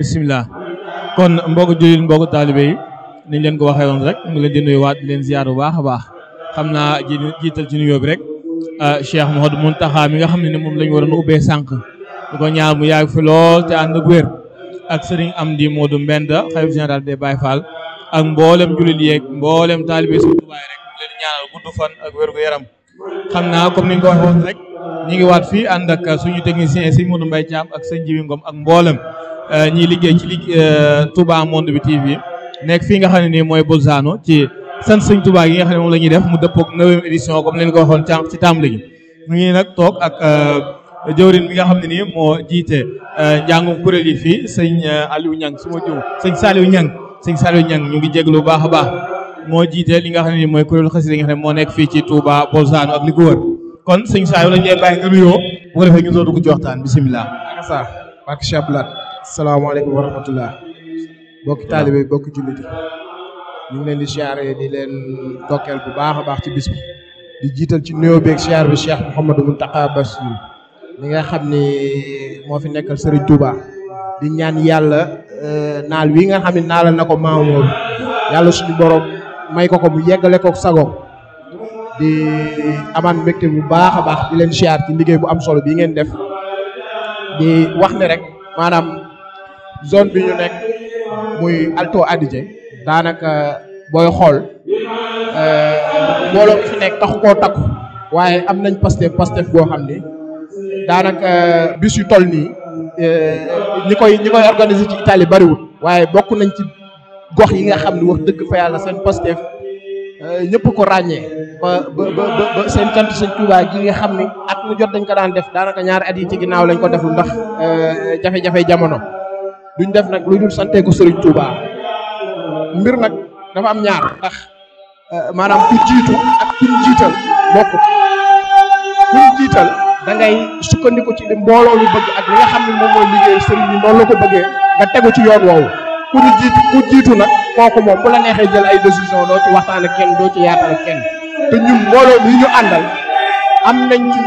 bisimilah kon mbokku jullit mbokku taalibe yi niñ leen ko waxee woon rek ñu ngi leen di leen ziar bu baax a baax xam naa jiital ci nuyoo bi rek ah, Cheikh Mouhamadou Mountakha mi nga xam ne moom la ñu waroon ubbee sànq di ko mu yàgg fi lool te ànd ak wér ak Serigne Amdi Modou Mbenda xalifa ak mboolem jullit yeeg mboolem taalibe rek ñu leen ñaanal gudd ak wér naa comme ni ñu ngi waat fii ànd ak suñu technicien Sëriñ Modou Mbaye Thiam ak sëñ Jibi ak mboolem. Euh, ñiy liggéey ci li euh, Touba Monde bi TV nekk fii nga xam ne nii mooy Bolzano ci sant sëñ Touba yi nga xam ne moom la ñuy def mu dëppook neuvième édition comme leen ko waxoon ci tàmbali gi mu ngi nag toog ak euh, jëwrin bi nga xam ne nii moo jiite njàngum kuréel yi fii sëñ Aliou Niang su ma jiw sëñ Saliou Niang sëñ Saliou Niang ñu ngi jéglu baax a baax moo jiite li nga xam ne nii mooy kuréelu xasida yi nga xam ne moo nekk fii ci Touba Bolzano ak li ko kon sëñ Saliou lañ lay bàyyi nga ci waxtaan bisimilah. ak saa barke Cheikh Abdoulaye salaamaaleykum wa rahmatullah bokki taalibe bokki julliti ñu ngi leen di siyaare di leen dokkeel bu baax a baax ci bis di jiital ci nuyoo beeg siyaar bi Cheikh Mouhamadou Mountakha Bassirou mi nga xam ni moo fi nekkal Serigne Touba di ñaan yàlla euh, naal wi nga xam ne naalal na ko maamoon yàlla suñu borom may ko ko mu yeggale ko sago di amaan mbégte bu baax a baax di leen siyaar ci liggéey bu am solo bi ngeen def di wax ne rek zone bi ñu nekk muy Alto Adige daanaka booy xool euh, mbooloo mi nekk taxu koo takku waaye am nañ Pastef Pastef boo xam ni daanaka euh, bis yu toll nii euh, ñi koy ñi koy organiser ci Italie bariwul waaye bokk nañ ci gox yi nga xam ne wax dëkk fa yàlla seen Pastef ñëpp ko ràññee ba ba ba seen cant sëñ Tuubaa gi nga xam ni at mu jot dañ ko daan def daanaka ñaari at yi ci ginnaaw lañ ko deful ndax jafe-jafe jamono. duñ def nag lu dul santee ko Serigne Touba mbir nag dafa am ñaar ndax euh, maanaam ku jiitu ak kuñ jiital bokk kuñ jiital da sukkandiku ci li mbooloo lu bëgg ak li nga xam ne moom mooy liggéey sëriñ bi la ko bëggee nga tegu ci yoon woowu ku ñu jiitu nag kooku moom bu la neexee jël ay décision doo ci waxtaan ak kenn doo ci yaatal ak kenn te ñun mbooloo mi ñu àndal am nañ ci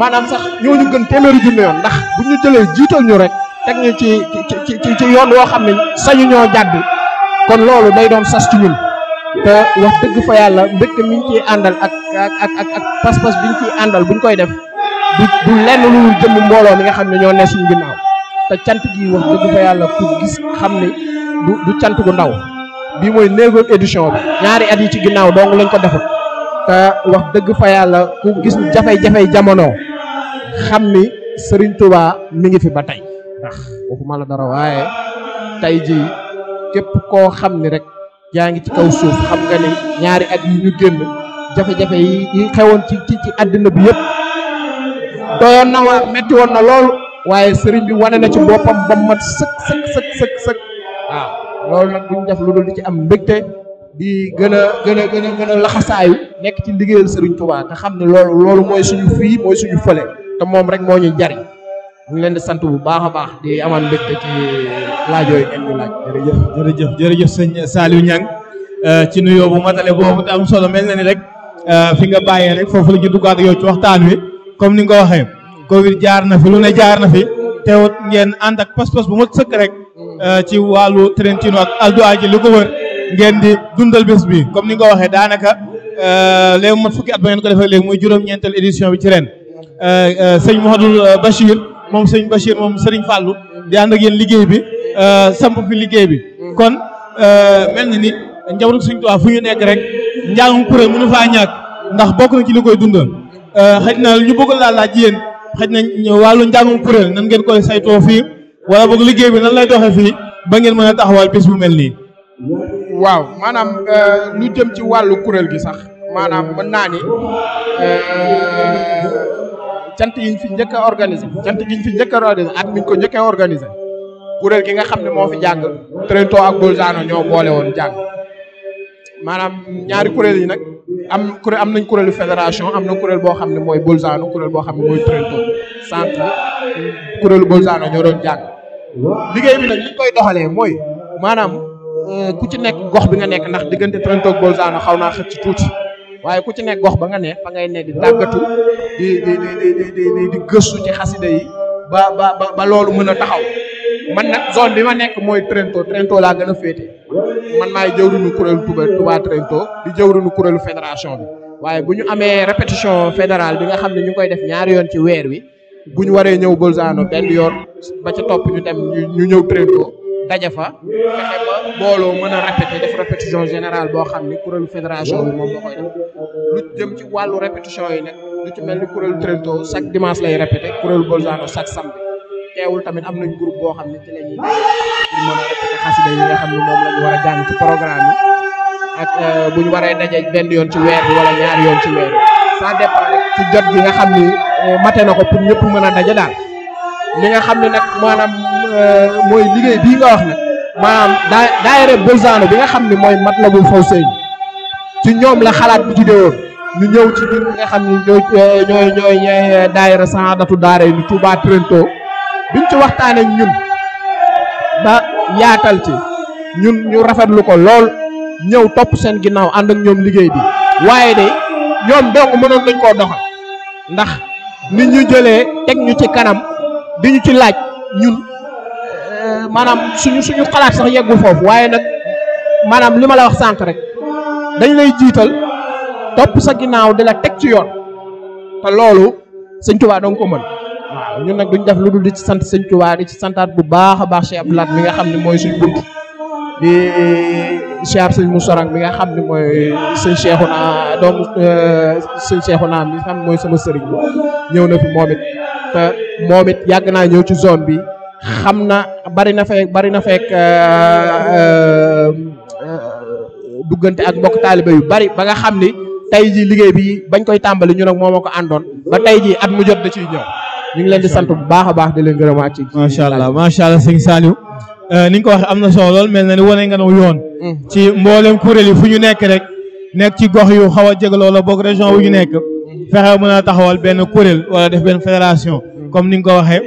maanaam sax ñoo ñu gën téeméeri junne yoon ndax bu ñu jëlee jiital ñu rek teg ñu ci ci ci yoon woo xam ne sañu ñoo jàdd kon loolu day doon sas ci ñun te wax dëgg fa yàlla mbégte mi ñu àndal ak ak ak ak pas-pas bi ñu àndal bu ñu koy def du du lenn lu jëm mbooloo mi nga xam ne ñoo ne suñu ginnaaw te cant gi wax dëgg fa yàlla ku gis xam ni du du cant gu ndaw bii mooy neuvième édition bi ñaari at yi ci ginnaaw dong lañ ko defut te wax dëgg fa yàlla ku gis jafe-jafe jamono xam ni sëriñ Touba mi ngi fi ba tey ndax waxuma la dara waaye tey jii képp koo xam ni rek yaa ngi ci kaw suuf xam nga ni ñaari at yi ñu génn jafe-jafe yi yi xewoon ci ci ci àddina bi yépp doyoon na metti woon na loolu waaye sëriñ bi wane na ci boppam ba mat sëkk sëkk sëkk waaw loolu nag duñ def lu dul di ci am mbégte di gën a gën a gën a gën a laxasaayu nekk ci liggéeyal sëriñ Tuubaa te xam ne loolu loolu mooy suñu fii mooy suñu fële te moom rek moo ñuy jariñ ñu ngi leen di sant bu baax a baax di amaan mbégte ci laaj yooyu ngeen ñu laaj. jërëjëf jërëjëf jërëjëf sëñ Saliou Niang euh, ci nuyoo bu matale boobu te am solo mel na ni rek euh, fi nga bàyyee rek foofu la ñu duggaat yow ci waxtaan wi comme ni nga ko waxee Covid jaar na fi lu ne jaar na fi teewut ngeen ànd ak pas-pas bu mot sëkk rek euh, ci wàllu Trentino ak Aldo ji li ko wër ngeen di dundal bés bi comme ni nga ko waxee daanaka léegi mat fukki at ba ngeen ko defee léegi muy juróom-ñeental édition bi ci ren. Eh, eh, sëñ Mouhadou eh, Bachir moom sëñ Bachir moom sëriñ Fallou di ànd ak liggéey bi samp fi liggéey bi kon mel na ni njabootu sëñ Tuubaa fu ñu nekk rek njàngum kuréel mënu faa ñàkk ndax bokk na ci li koy dundal xëy na ñu bëgg laa laaj yéen xëy na wàllu njàngum kuréel nan ngeen koy saytoo fii wala boog liggéey bi nan lay doxee fii ba ngeen mën a taxawal pes bu mel nii. waaw maanaam lu jëm ci wàllu kuréel gi sax maanaam mën naa ni. cant yi fi njëkk a organisé cant yi ñu fi njëkk a organisé at mi ñu ko njëkk a kuréel gi nga xam ne moo fi jàng Trento ak Bolzano ñoo boole woon jàng maanaam ñaari kuréel yi nag am kuréel am nañ kuréelu fédération am na kuréel boo xam ne mooy Bolzano kuréel boo xam ne mooy Trento centre kuréelu Bolzano ñoo doon jaag liggéey bi nag li ñu koy doxalee mooy maanaam euh, ku ci nekk gox bi nga nekk ndax diggante Trento ak Bolzano xaw naa xëcc ci waaye ku ci nekk gox ba nga ne fa ngay ne di tàggatu di di di di di ci xasida yi ba ba ba loolu mën a taxaw man nag zone bi ma nekk mooy Trento Trento laa gën a féete man maay jëwriñu kuréelu Touba Touba Trento di jëwriñu kuréelu fédération bi waaye bu ñu amee répétition fédérale bi nga xam ne ñu koy def ñaari yoon ci weer wi bu ñu waree ñëw Bolzano benn yoon ba ci topp ñu dem ñu ñëw Trento daje fa booloo mën a répété def répétition générale boo xam ni kuréelu fédération bi moom moo koy def lu jëm ci wàllu répétition yi nag lu ci mel ni kuréelu Trento chaque dimanche lay répété kuréelu Bolzano chaque samedi teewul tamit am nañ groupe boo xam ne ci la ñuy nga xam ne moom la ñu war a jàng ci programme yi ak euh, bu ñu waree daje benn yoon ci weer bi wala ñaari yoon ci weer bi ça dépend ci jot bi nga xam ni euh, mate na ko pour ñëpp mën a daje daal. li nga xam ne nag maanaam euh, mooy liggéey bii nga wax nag maanaam daa daayira Bolzano bi nga xam ni mooy mat Matlabul Fawzayni ci ñoom la xalaat bi juddee woon ñu ñëw ci biir bi nga xam ne ñooy euh, ñooy ñooy ñooy euh, daayira Sahadatu Daarayni Touba biñ ci waxtaanee ñun ba yaatal ci ñun ñu rafetlu ko lool ñëw topp seen ginnaaw ànd ak ñoom liggéey bi waaye de ñoom dong mënoon nañ koo doxal ndax nit ñu jëlee teg ñu ci kanam. bi ñu ci laaj ñun maanaam suñu suñu xalaat sax yeggu foofu waaye nag maanaam li ma la wax sànq rek dañ lay jiital topp sa ginnaaw di la teg ci yoon te loolu sëñ Tuubaa danga ko ñun nag duñ def lu di ci sant sëñ Tuubaa di ci santaat bu baax a baax Cheikh laat Lahad mi nga xam ni mooy suñu bunt di Cheikh sëñ Moussorang mi nga xam ni mooy sëñ Cheikhouna doomu sëñ Cheikhouna mi nga xam ne mooy sama sëriñ ñëw na fi moom it Euh, moom it yàgg naa ñëw ci zone bi xam na bari na fekk bari na fekk euh, euh, duggante ak mbokk taalibe yu bari ba nga xam ni tey jii liggéey bi bañ koy tàmbali ñu nag moom moo ko àndoon ba tey jii at mu jot da ci ñëw ñu ngi leen di sant bu baax a baax di leen gërëmaat ci. macha allah macha allah sëñ Saliou ni nga ko wax am na solo lool mel na ni wane nga naw yoon. Mm. ci mboolem kuréel yi fu ñu nekk rek nekk ci gox yu xaw a jégaloo la bok région wu ñu nekk. fexe mën a taxawal benn kuréel wala def benn fédération comme ni nga ko waxee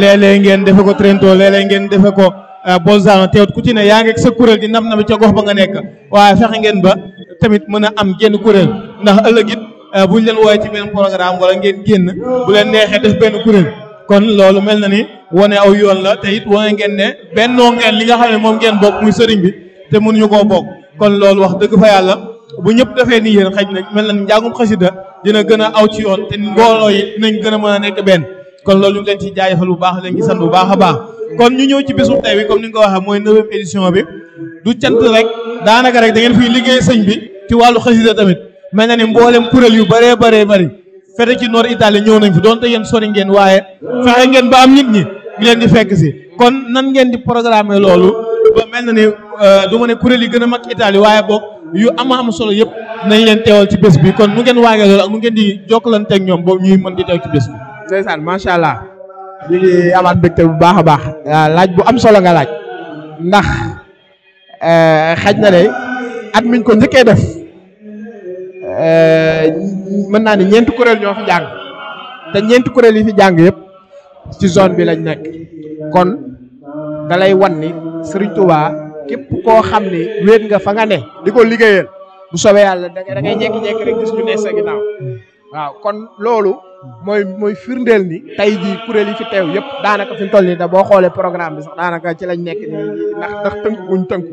léeg-léeg ngeen defe ko Trento léeg-léeg ngeen defe ko euh, Bolzano teewut ku ci ne yaa ngi sa kuréel di nam na bi ca gox ba nga nekk waaye fexe ngeen ba tamit mën a am genn kuréel ndax ëllëg it euh, buñ leen woowee ci benn programme wala ngeen génn leen neexee def benn kuréel kon loolu mel na ni wane aw yoon la te it wane ngeen ne bennoo ngeen li nga xam ne moom ngeen bokk muy sëriñ bi te mënuñu koo bokk kon loolu wax dëgg fa yàlla bu ñëpp defee nii yéen xaj na mel na ni njàngum xasida dina gën a aw ci yoon te mbooloo yi dinañ gën a mën a nekk benn kon loolu ñu ngi leen ci jaajëfal bu baax leen ci sant bu baax a baax kon ñu ñëw ci bésu tey bi ni nga ko waxee mooy neuvième édition bi du cant rek daanaka rek da ngeen fiy liggéey sëñ bi ci wàllu xasida tamit mel na ni mboolem kuréel yu bëree bëree bari fete ci noor Italie ñëw nañ doon te yéen sori ngeen waaye fexe ngeen ba am nit ñi ñu leen di fekk si kon nan ngeen di programmer loolu ba mel na ni euh, du ma ne kuréel yi gën a mag Italie waaye boog yu ama am solo yëpp nañ leen teewal ci bés bi kon nu ngeen waajal la ak nu ngeen di jokkalanteeg ñoom boobu ñuy mën di teew ci bés bi. ndeysaan macha allah. ñu ngi amaat mbégte bu baax a baax. Euh, laaj bu am solo nga laaj. ndax euh, xaj na de at miñ ko njëkkee def euh, mën naa ne ñeenti kuréel ñoo fi jàng te ñeenti kuréel yi fi jàng yëpp ci zone bi lañ nekk kon dalay wan ni Serigne Touba képp koo xam ni wéet nga fa nga ne di ko liggéeyal. bu soobee yàlla da ngay jékki-jékki rek gis ñu ne sa ginnaaw waaw kon loolu mooy mooy firndeel ni tey jii kuréel yi fi teew yëpp daanaka fi mu toll nii da boo xoolee programme bi daanaka ci lañ nekk nii ndax ndax tënk tënku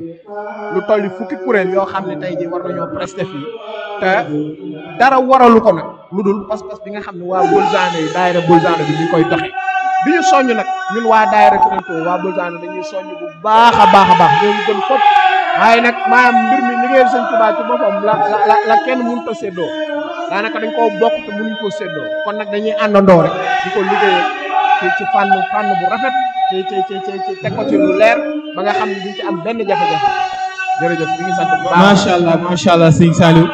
lu toll ni fukki kuréel yoo xam ne tey jii war nañoo prester fii te dara waralu ko nag mu dul pas-pas bi nga xam ne waa Bolzano yi daayira Bolzano bi ñu koy doxee bi ñu soññ nag ñun waa daayira Koupentoum waa Bolzano dañuy soññ bu baax a baax a baax ñooñu gën fop waaye nag maanaam mbir mi liggéeyal sëñ Tuubaa ci boppam la la la a daanaka dañ koo bokk te mënuñ kon nag dañuy àndandoo rek di ko liggéeyal ci ci fànn fànn bu rafet ci ci teg ko ci lu leer ba nga xam ne duñ am benn jafe-jafe jërëjëf ñu ngi sant bu baax. macha allah macha allah sëñ Saliou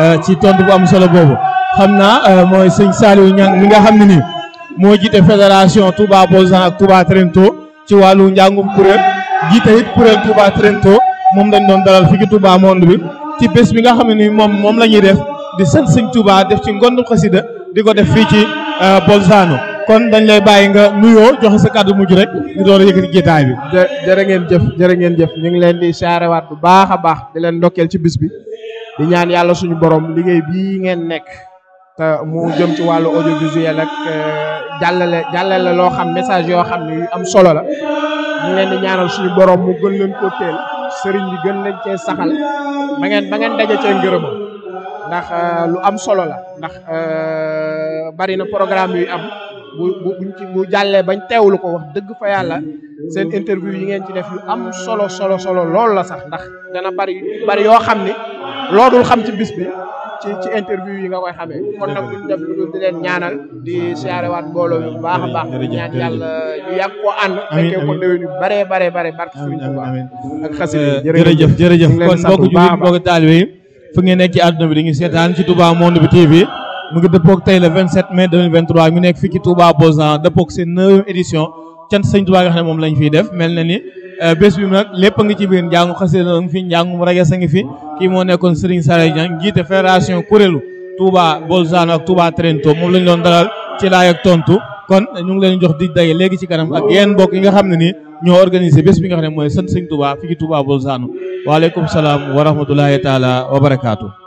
euh, ci tontu bu am solo boobu xam naa euh, mooy sëñ Saliou Niang mi nga xam ne nii moo jiite fédération Touba Bozan ak ci wàllu njàngum kuréel jiite it kuréel Touba Trento. moom lañ doon dalal fi ci Touba monde bi ci bés bi nga xam ne ni moom moom la ñuy def di sant sëñ Touba def ci ngondu xasida di ko def fii ci euh, Bolzano kon dañ lay bàyyi nga nuyoo joxe sa kàddu mujj rek ñu door a yëkkati bi. jë jërë ngeen jëf jërë ngeen jëf ñu ngi leen di saarewaat bu baax baax di leen ndokkeel ci bis bi di ñaan yàlla suñu borom liggéey bii ngeen nekk. mu jëm ci wàllu audiovisuel ak euh, jàllale jàllale loo xam message yoo xam ne am solo la ñu leen di ñaanal suñu borom mu gën ko sëriñ bi gën leen cee saxal ba ngeen ba ngeen daje cee ngërëm ndax euh, lu am solo la ndax euh, bari na programme yu am bu buñ ci bu jàllee bañ teewulu ko wax dëgg fa yàlla seen interview yi ngeen ci def lu am solo solo solo loolu la sax ndax dana bari bari yoo xam ni loo dul xam ci bis bi ci ci interview yi nga koy xamee kon nag duñ def lu di leen ñaanal di siyaarewaat mbooloo bi baax a baax di ñaan yàlla ñu yàgg ko ànd fekkee ko déwén yu bare bare bare barke Sëriñ Tuubaa ak xasi euh, jërëjëf jërëjëf kon mbokk jullit mbokk taalibe yi fu ngeen nekk ci àdduna bi di ngi seetaan ci Touba Monde bi TV mu ngi dëppoog tey le 27 mai 2023 mu nekk fii ci Touba Bozan dëppoog seen neuvième édition cant sëñ Tuubaa nga xam ne moom lañ fiy def mel na ni euh, bés bi nag lépp a ngi ci biir njàngu xasida ngi fi njàngum rages a ngi fi kii moo nekkoon Serigne Sare Diagne jiite fédération kuréelu Touba Bolzano ak Touba Trento moom lañ doon dalal ci laay tontu kon ñu ngi leen jox di daje léegi ci kanam ak yeen mbokk yi nga xam ne ni ñoo organisé bés bi nga xam ne mooy sant sëñ Touba fii ci Touba Bolzano waaleykum salaam wa rahmatulahi taala wa